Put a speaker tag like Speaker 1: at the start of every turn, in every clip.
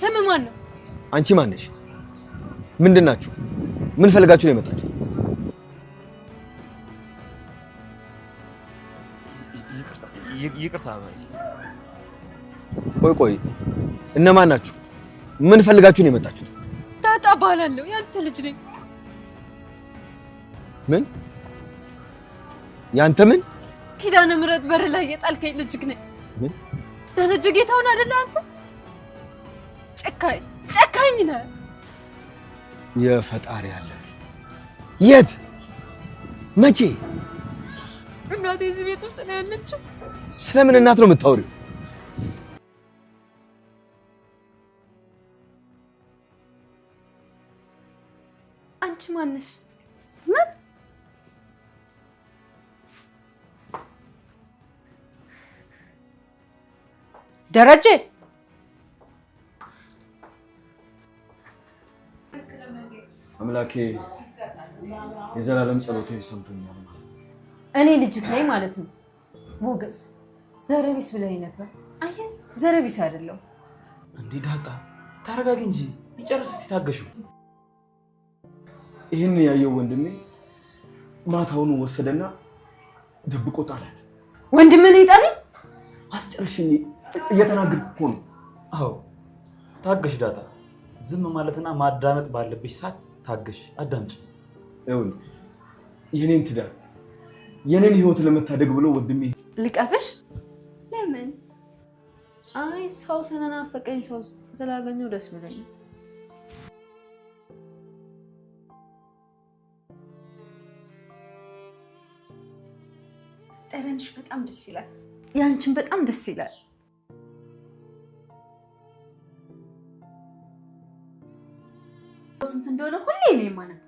Speaker 1: ስም ማን ነው?
Speaker 2: አንቺ ማነሽ? ምንድን ናችሁ? ምን ፈልጋችሁ ነው የመጣችሁት? ይቅርታ። ቆይ ቆይ፣ እነማን ናችሁ? ምን ፈልጋችሁ ነው የመጣችሁት?
Speaker 1: ዳጣ እባላለሁ፣ ያንተ ልጅ ነኝ።
Speaker 2: ምን? ያንተ ምን?
Speaker 1: ኪዳነ ምህረት በር ላይ የጣልከኝ ልጅክ ነኝ። ምን? ደረጀ ጌታውን አይደለ አንተ ጨካኝ ጨካኝ ነህ።
Speaker 2: የፈጣሪ አለ። የት መቼ?
Speaker 1: እናቴ እዚህ ቤት ውስጥ ነው ያለችው።
Speaker 2: ስለምን እናት ነው የምታወሪው?
Speaker 1: አንቺ ማነሽ? ደረጀ
Speaker 2: አምላኬ የዘላለም ጸሎቴ ሰምቶኛል።
Speaker 1: እኔ ልጅክ ላይ ማለት ነው ሞገስ ዘረቢስ ብለኸኝ ነበር። አየህ ዘረቢስ አይደለም።
Speaker 3: እንዴ ዳጣ ታረጋጊ እንጂ ይጨርስ እስኪ
Speaker 2: ይህን ያየው ወንድሜ ማታውኑ ወሰደና ደብቆ ጣላት።
Speaker 1: ወንድሜ ነው የጣለኝ።
Speaker 2: አስጨርሽኝ እየተናገርኩ ነው።
Speaker 3: አዎ ታገሽ ዳጣ። ዝም ማለትና ማዳመጥ ባለብሽ ሰዓት ታገሽ፣ አዳምጪ።
Speaker 2: ይኸውልህ የኔን ትዳር የኔን ህይወት ለመታደግ ብሎ ወንድሜ
Speaker 1: ልቀፍሽ። ለምን? አይ ሰው ስለናፈቀኝ ሰው ስላገኘው ደስ ብሎኝ ጠረንሽ በጣም ደስ ይላል። ያንቺን በጣም ደስ ይላል። ስንት እንደሆነ ሁሌ ነው የማነው።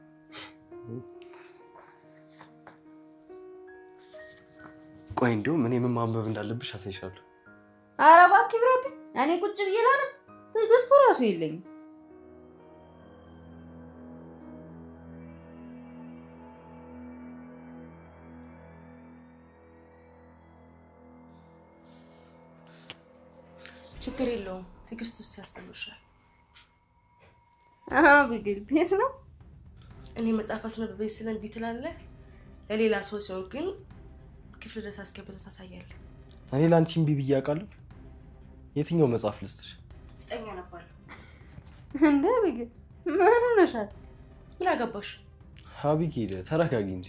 Speaker 2: ቆይ እንዲሁም እኔ ምን ማንበብ እንዳለብሽ አሳይሻለሁ።
Speaker 1: ኧረ እባክህ ብራብኝ፣ እኔ ቁጭ ብዬ ላነብ ትዕግስቱ እራሱ የለኝም። ችግር የለውም፣ ትዕግስት ውስጥ ያስተምርሻል። ቢግል ነው። እኔ መጽሐፍ አስነብበኝ ስለን ለሌላ ሰው ሲሆን ግን ክፍል ድረስ አስገብተው
Speaker 3: እኔ ለአንቺ እምቢ ብዬ አውቃለሁ። የትኛው መጽሐፍ ልስጥሽ?
Speaker 1: ስጠኛ አነባለሁ። እንደ ቢግል ምን ነሻል? ምን አገባሽ?
Speaker 3: ሀቢጌል ተረጋጊ እንጂ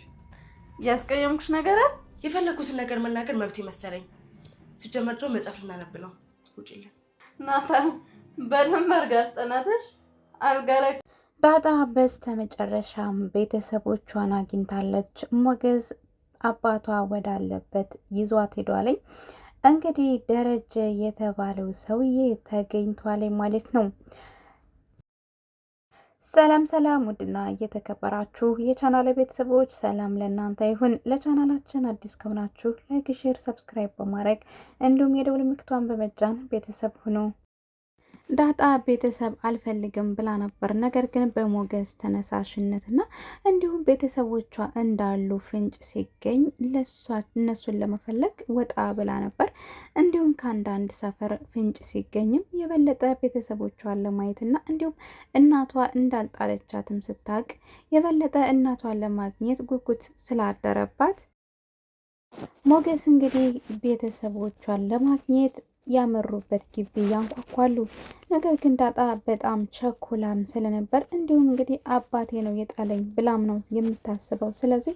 Speaker 1: ያስቀየምኩሽ ነገር የፈለግኩትን ነገር መናገር መብት መሰለኝ። ሲጀመር ድሮ መጽሐፍ ልናነብ ነው። ውጭልን ናታ በደንብ አድርጋ አስጠናተሽ አልጋ ላይ
Speaker 4: ዳጣ በስተመጨረሻም ቤተሰቦቿን አግኝታለች። ሞገዝ አባቷ ወዳለበት ይዟት ሄዷለኝ። እንግዲህ ደረጀ የተባለው ሰውዬ ተገኝቷል ማለት ነው። ሰላም ሰላም፣ ውድና እየተከበራችሁ የቻናል ቤተሰቦች ሰላም ለእናንተ ይሁን። ለቻናላችን አዲስ ከሆናችሁ ላይክ፣ ሼር፣ ሰብስክራይብ በማድረግ እንዲሁም የደውል ምክቷን በመጫን ቤተሰብ ሁኑ። ዳጣ ቤተሰብ አልፈልግም ብላ ነበር። ነገር ግን በሞገስ ተነሳሽነትና እንዲሁም ቤተሰቦቿ እንዳሉ ፍንጭ ሲገኝ እነሱን ለመፈለግ ወጣ ብላ ነበር። እንዲሁም ከአንዳንድ ሰፈር ፍንጭ ሲገኝም የበለጠ ቤተሰቦቿን ለማየትና እንዲሁም እናቷ እንዳልጣለቻትም ስታውቅ የበለጠ እናቷን ለማግኘት ጉጉት ስላደረባት ሞገስ እንግዲህ ቤተሰቦቿን ለማግኘት ያመሩበት ግቢ ያንኳኳሉ። ነገር ግን ዳጣ በጣም ቸኩላም ስለነበር እንዲሁም እንግዲህ አባቴ ነው የጣለኝ ብላም ነው የምታስበው። ስለዚህ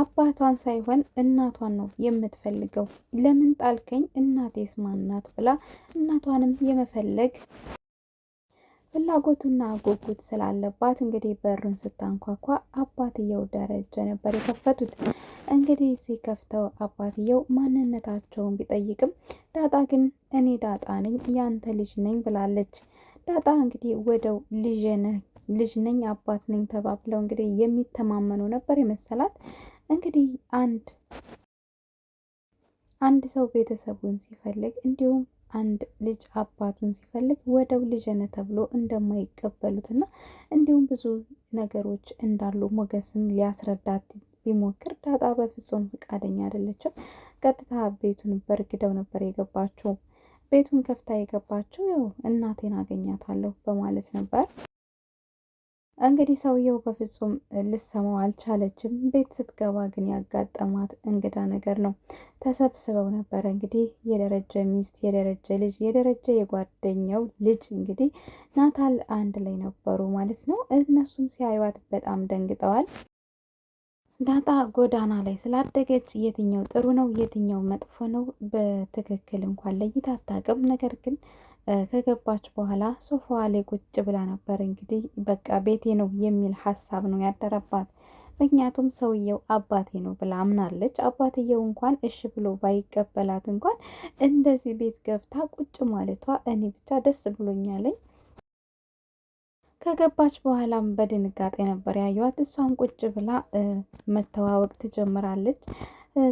Speaker 4: አባቷን ሳይሆን እናቷን ነው የምትፈልገው። ለምን ጣልከኝ? እናቴስ ማናት? ብላ እናቷንም የመፈለግ ፍላጎቱና ጉጉት ስላለባት እንግዲህ በሩን ስታንኳኳ አባትየው ደረጀ ነበር የከፈቱት። እንግዲህ ሲከፍተው አባትየው ማንነታቸውን ቢጠይቅም ዳጣ ግን እኔ ዳጣ ነኝ ያንተ ልጅ ነኝ ብላለች። ዳጣ እንግዲህ ወደው ልጅ ነኝ አባት ነኝ ተባብለው እንግዲህ የሚተማመኑ ነበር የመሰላት። እንግዲህ አንድ አንድ ሰው ቤተሰቡን ሲፈልግ እንዲሁም አንድ ልጅ አባቱን ሲፈልግ ወደው ልጅነ ተብሎ እንደማይቀበሉትና እንዲሁም ብዙ ነገሮች እንዳሉ ሞገስም ሊያስረዳት ቢሞክር ዳጣ በፍጹም ፈቃደኛ አይደለችም። ቀጥታ ቤቱን በርግደው ነበር የገባቸው። ቤቱን ከፍታ የገባቸው ያው እናቴን አገኛታለሁ በማለት ነበር። እንግዲህ ሰውየው በፍጹም ልሰማው አልቻለችም። ቤት ስትገባ ግን ያጋጠማት እንግዳ ነገር ነው። ተሰብስበው ነበረ እንግዲህ የደረጀ ሚስት፣ የደረጀ ልጅ፣ የደረጀ የጓደኛው ልጅ እንግዲህ ናታል አንድ ላይ ነበሩ ማለት ነው። እነሱም ሲያዩዋት በጣም ደንግጠዋል። ዳጣ ጎዳና ላይ ስላደገች የትኛው ጥሩ ነው፣ የትኛው መጥፎ ነው በትክክል እንኳን ለይታ አታውቅም። ነገር ግን ከገባች በኋላ ሶፋዋ ላይ ቁጭ ብላ ነበር። እንግዲህ በቃ ቤቴ ነው የሚል ሀሳብ ነው ያደረባት። ምክንያቱም ሰውየው አባቴ ነው ብላ አምናለች። አባትየው እንኳን እሺ ብሎ ባይቀበላት እንኳን እንደዚህ ቤት ገብታ ቁጭ ማለቷ እኔ ብቻ ደስ ብሎኛለኝ። ከገባች በኋላም በድንጋጤ ነበር ያዩዋት። እሷም ቁጭ ብላ መተዋወቅ ትጀምራለች።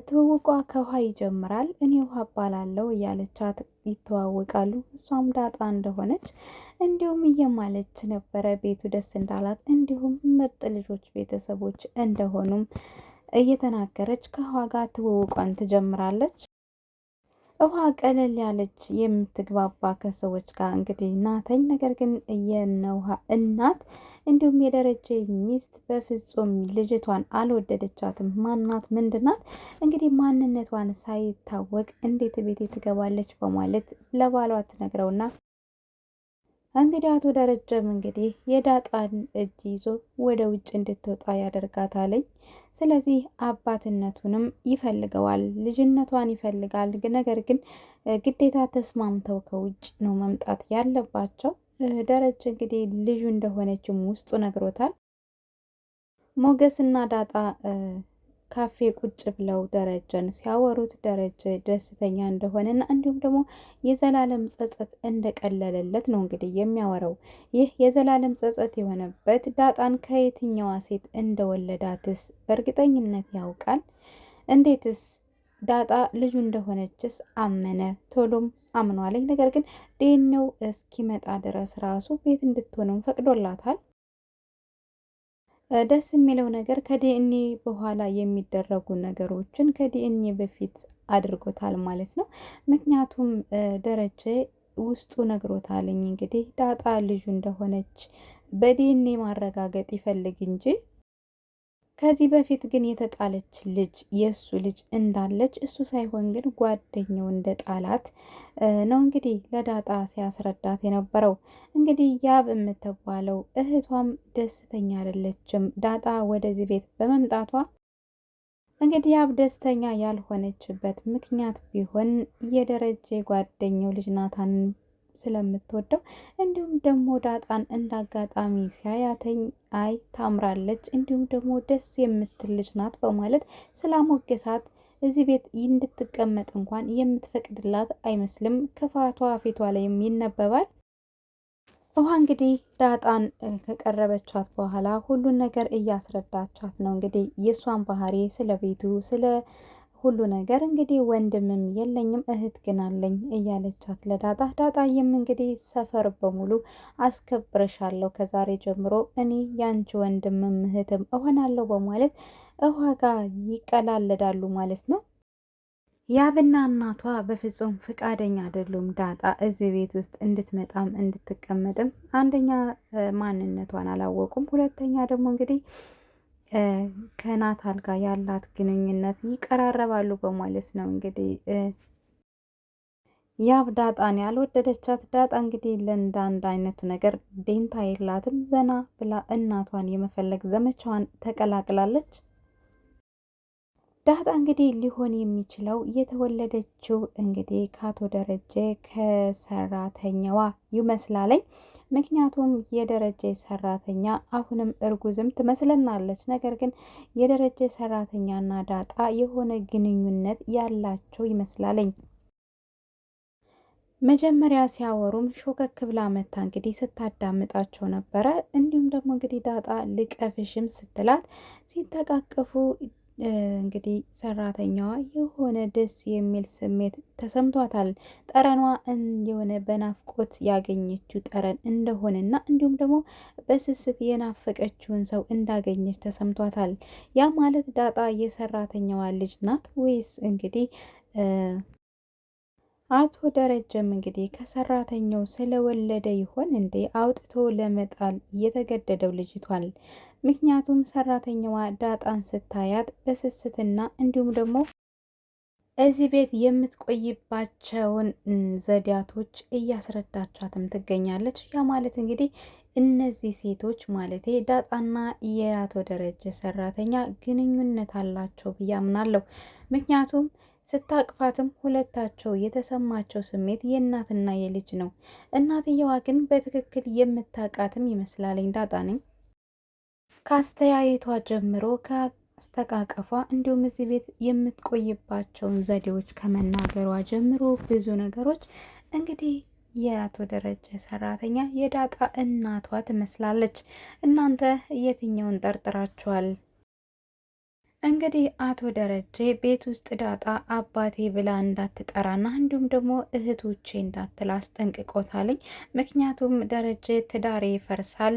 Speaker 4: ትውውቋ ከውሃ ይጀምራል። እኔ ውሃ እባላለሁ እያለቻት ይተዋወቃሉ። እሷም ዳጣ እንደሆነች እንዲሁም እየማለች ነበረ ቤቱ ደስ እንዳላት እንዲሁም ምርጥ ልጆች ቤተሰቦች እንደሆኑም እየተናገረች ከውሃ ጋር ትውውቋን ትጀምራለች። ውሃ ቀለል ያለች የምትግባባ ከሰዎች ጋር እንግዲህ ናተኝ። ነገር ግን የነውሃ እናት እንዲሁም የደረጀ ሚስት በፍጹም ልጅቷን አልወደደቻትም። ማናት? ምንድናት? እንግዲህ ማንነቷን ሳይታወቅ እንዴት ቤቴ ትገባለች በማለት ለባሏ ትነግረውና እንግዲህ አቶ ደረጀም እንግዲህ የዳጣን እጅ ይዞ ወደ ውጭ እንድትወጣ ያደርጋታለኝ። ስለዚህ አባትነቱንም ይፈልገዋል፣ ልጅነቷን ይፈልጋል። ነገር ግን ግዴታ ተስማምተው ከውጭ ነው መምጣት ያለባቸው። ደረጀ እንግዲህ ልጁ እንደሆነችም ውስጡ ነግሮታል። ሞገስና ዳጣ ካፌ ቁጭ ብለው ደረጀን ሲያወሩት ደረጀ ደስተኛ እንደሆነ እንዲሁም ደግሞ የዘላለም ጸጸት እንደቀለለለት ነው እንግዲህ የሚያወራው። ይህ የዘላለም ጸጸት የሆነበት ዳጣን ከየትኛዋ ሴት እንደወለዳትስ በእርግጠኝነት ያውቃል። እንዴትስ ዳጣ ልጁ እንደሆነችስ አመነ። ቶሎም አምኗለኝ። ነገር ግን ዴኔው እስኪመጣ ድረስ ራሱ ቤት እንድትሆንም ፈቅዶላታል። ደስ የሚለው ነገር ከዲኤንኤ በኋላ የሚደረጉ ነገሮችን ከዲኤንኤ በፊት አድርጎታል ማለት ነው። ምክንያቱም ደረጀ ውስጡ ነግሮታልኝ እንግዲህ ዳጣ ልጁ እንደሆነች በዲኤንኤ ማረጋገጥ ይፈልግ እንጂ ከዚህ በፊት ግን የተጣለች ልጅ የእሱ ልጅ እንዳለች እሱ ሳይሆን ግን ጓደኛው እንደ ጣላት ነው እንግዲህ ለዳጣ ሲያስረዳት የነበረው። እንግዲህ ያብ የምትባለው እህቷም ደስተኛ አይደለችም። ዳጣ ወደዚህ ቤት በመምጣቷ እንግዲህ ያብ ደስተኛ ያልሆነችበት ምክንያት ቢሆን የደረጀ ጓደኛው ልጅ ናታን ስለምትወደው እንዲሁም ደግሞ ዳጣን እንዳጋጣሚ ሲያያተኝ አይ ታምራለች፣ እንዲሁም ደግሞ ደስ የምትል ልጅ ናት በማለት ስላሞገሳት እዚህ ቤት እንድትቀመጥ እንኳን የምትፈቅድላት አይመስልም። ክፋቷ ፊቷ ላይም ይነበባል። ውሃ እንግዲህ ዳጣን ከቀረበቻት በኋላ ሁሉን ነገር እያስረዳቻት ነው። እንግዲህ የእሷን ባህሪ ስለ ቤቱ ስለ ሁሉ ነገር እንግዲህ ወንድምም የለኝም እህት ግን አለኝ እያለቻት ለዳጣ ዳጣዬም እንግዲህ ሰፈር በሙሉ አስከብረሻለሁ ከዛሬ ጀምሮ እኔ ያንቺ ወንድምም እህትም እሆናለሁ በማለት እኋ ጋር ይቀላለዳሉ ማለት ነው። ያብና እናቷ በፍጹም ፍቃደኛ አይደሉም ዳጣ እዚህ ቤት ውስጥ እንድትመጣም እንድትቀመጥም። አንደኛ ማንነቷን አላወቁም፣ ሁለተኛ ደግሞ እንግዲህ ከናታል ጋር ያላት ግንኙነት ይቀራረባሉ በማለት ነው እንግዲህ ያብ ዳጣን ያልወደደቻት ዳጣ እንግዲህ ለእንዳንድ አይነቱ ነገር ዴንታ የላትም። ዘና ብላ እናቷን የመፈለግ ዘመቻዋን ተቀላቅላለች። ዳጣ እንግዲህ ሊሆን የሚችለው የተወለደችው እንግዲህ ከአቶ ደረጀ ከሰራተኛዋ ይመስላለኝ። ምክንያቱም የደረጀ ሰራተኛ አሁንም እርጉዝም ትመስለናለች። ነገር ግን የደረጀ ሰራተኛና ዳጣ የሆነ ግንኙነት ያላቸው ይመስላለኝ። መጀመሪያ ሲያወሩም ሾከክ ብላ መታ እንግዲህ ስታዳምጣቸው ነበረ። እንዲሁም ደግሞ እንግዲህ ዳጣ ልቀፍሽም ስትላት ሲተቃቀፉ እንግዲህ ሰራተኛዋ የሆነ ደስ የሚል ስሜት ተሰምቷታል። ጠረኗ የሆነ በናፍቆት ያገኘችው ጠረን እንደሆነና እንዲሁም ደግሞ በስስት የናፈቀችውን ሰው እንዳገኘች ተሰምቷታል። ያ ማለት ዳጣ የሰራተኛዋ ልጅ ናት ወይስ እንግዲህ አቶ ደረጀም እንግዲህ ከሰራተኛው ስለወለደ ይሆን እንዴ አውጥቶ ለመጣል የተገደደው ልጅቷል። ምክንያቱም ሰራተኛዋ ዳጣን ስታያት በስስትና እንዲሁም ደግሞ እዚህ ቤት የምትቆይባቸውን ዘዴያቶች እያስረዳቻትም ትገኛለች። ያ ማለት እንግዲህ እነዚህ ሴቶች ማለት ዳጣና የአቶ ደረጀ ሰራተኛ ግንኙነት አላቸው ብዬ አምናለሁ። ምክንያቱም ስታቅፋትም ሁለታቸው የተሰማቸው ስሜት የእናትና የልጅ ነው። እናትየዋ ግን በትክክል የምታውቃትም ይመስላለኝ ዳጣነኝ ከአስተያየቷ ጀምሮ ከአስተቃቀፏ እንዲሁም እዚህ ቤት የምትቆይባቸውን ዘዴዎች ከመናገሯ ጀምሮ ብዙ ነገሮች እንግዲህ የአቶ ደረጀ ሰራተኛ የዳጣ እናቷ ትመስላለች። እናንተ የትኛውን ጠርጥራችኋል? እንግዲህ አቶ ደረጀ ቤት ውስጥ ዳጣ አባቴ ብላ እንዳትጠራና እንዲሁም ደግሞ እህቶቼ እንዳትል አስጠንቅቆታለኝ። ምክንያቱም ደረጀ ትዳሬ ይፈርሳል፣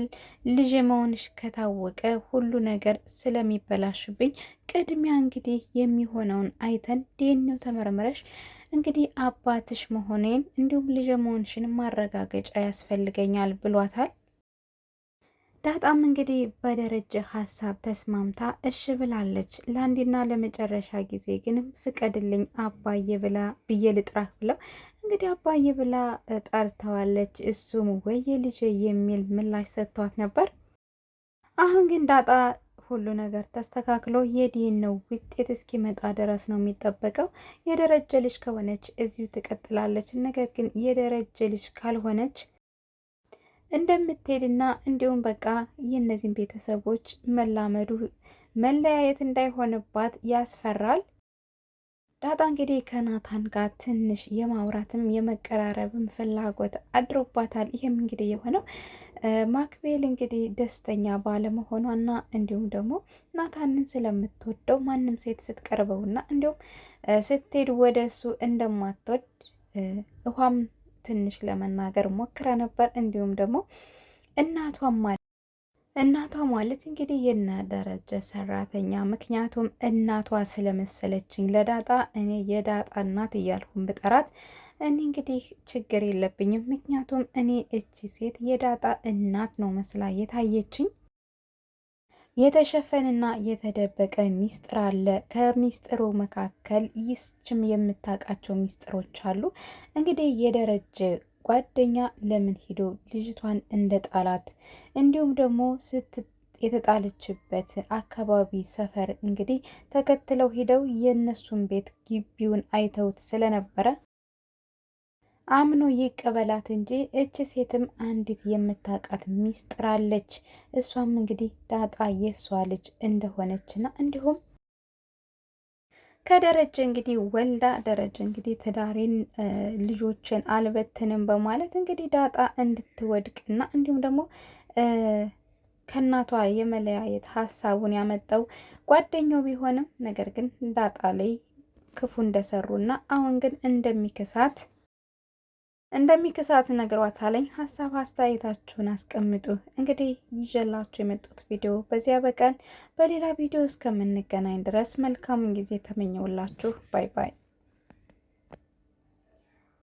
Speaker 4: ልጅ መሆንሽ ከታወቀ ሁሉ ነገር ስለሚበላሽብኝ ቅድሚያ እንግዲህ የሚሆነውን አይተን ዲኤንኤው ተመርምረሽ እንግዲህ አባትሽ መሆኔን እንዲሁም ልጅ መሆንሽን ማረጋገጫ ያስፈልገኛል ብሏታል። ዳጣም እንግዲህ በደረጀ ሀሳብ ተስማምታ እሽ ብላለች። ለአንዴና ለመጨረሻ ጊዜ ግን ፍቀድልኝ አባዬ ብላ ብዬ ልጥራህ ብለው እንግዲህ አባዬ ብላ ጠርተዋለች። እሱም ወየ ልጄ የሚል ምላሽ ሰጥቷት ነበር። አሁን ግን ዳጣ ሁሉ ነገር ተስተካክሎ ነው ውጤት እስኪመጣ ድረስ ነው የሚጠበቀው። የደረጀ ልጅ ከሆነች እዚሁ ትቀጥላለች። ነገር ግን የደረጀ ልጅ ካልሆነች እንደምትሄድና እንዲሁም በቃ የእነዚህን ቤተሰቦች መላመዱ መለያየት እንዳይሆንባት ያስፈራል። ዳጣ እንግዲህ ከናታን ጋር ትንሽ የማውራትም የመቀራረብም ፍላጎት አድሮባታል። ይህም እንግዲህ የሆነው ማክቤል እንግዲህ ደስተኛ ባለመሆኗና እንዲሁም ደግሞ ናታንን ስለምትወደው ማንም ሴት ስትቀርበውና እንዲሁም ስትሄድ ወደ እሱ እንደማትወድ ውሃም ትንሽ ለመናገር ሞክረ ነበር። እንዲሁም ደግሞ እናቷ ማለት እናቷ ማለት እንግዲህ የነ ደረጀ ሰራተኛ፣ ምክንያቱም እናቷ ስለመሰለችኝ ለዳጣ እኔ የዳጣ እናት እያልኩን ብጠራት እኔ እንግዲህ ችግር የለብኝም። ምክንያቱም እኔ እቺ ሴት የዳጣ እናት ነው መስላ የታየችኝ የተሸፈነና የተደበቀ ሚስጥር አለ። ከሚስጥሩ መካከል ይችም የምታውቃቸው ሚስጥሮች አሉ። እንግዲህ የደረጀ ጓደኛ ለምን ሂዶ ልጅቷን እንደ ጣላት እንዲሁም ደግሞ ስት የተጣለችበት አካባቢ ሰፈር እንግዲህ ተከትለው ሂደው የእነሱን ቤት ግቢውን አይተውት ስለነበረ አምኖ ይቀበላት እንጂ እች ሴትም አንዲት የምታውቃት ሚስጥር አለች። እሷም እንግዲህ ዳጣ የሷ ልጅ እንደሆነችና እንዲሁም ከደረጀ እንግዲህ ወልዳ ደረጀ እንግዲህ ትዳሬን ልጆችን አልበትንም በማለት እንግዲህ ዳጣ እንድትወድቅና እንዲሁም ደግሞ ከእናቷ የመለያየት ሀሳቡን ያመጣው ጓደኛው ቢሆንም ነገር ግን ዳጣ ላይ ክፉ እንደሰሩና አሁን ግን እንደሚከሳት እንደሚከሳት ነግሯታለኝ። ሀሳብ አስተያየታችሁን አስቀምጡ። እንግዲህ ይዤላችሁ የመጡት ቪዲዮ በዚያ በቀን በሌላ ቪዲዮ እስከምንገናኝ ድረስ መልካሙን ጊዜ ተመኘውላችሁ። ባይ ባይ።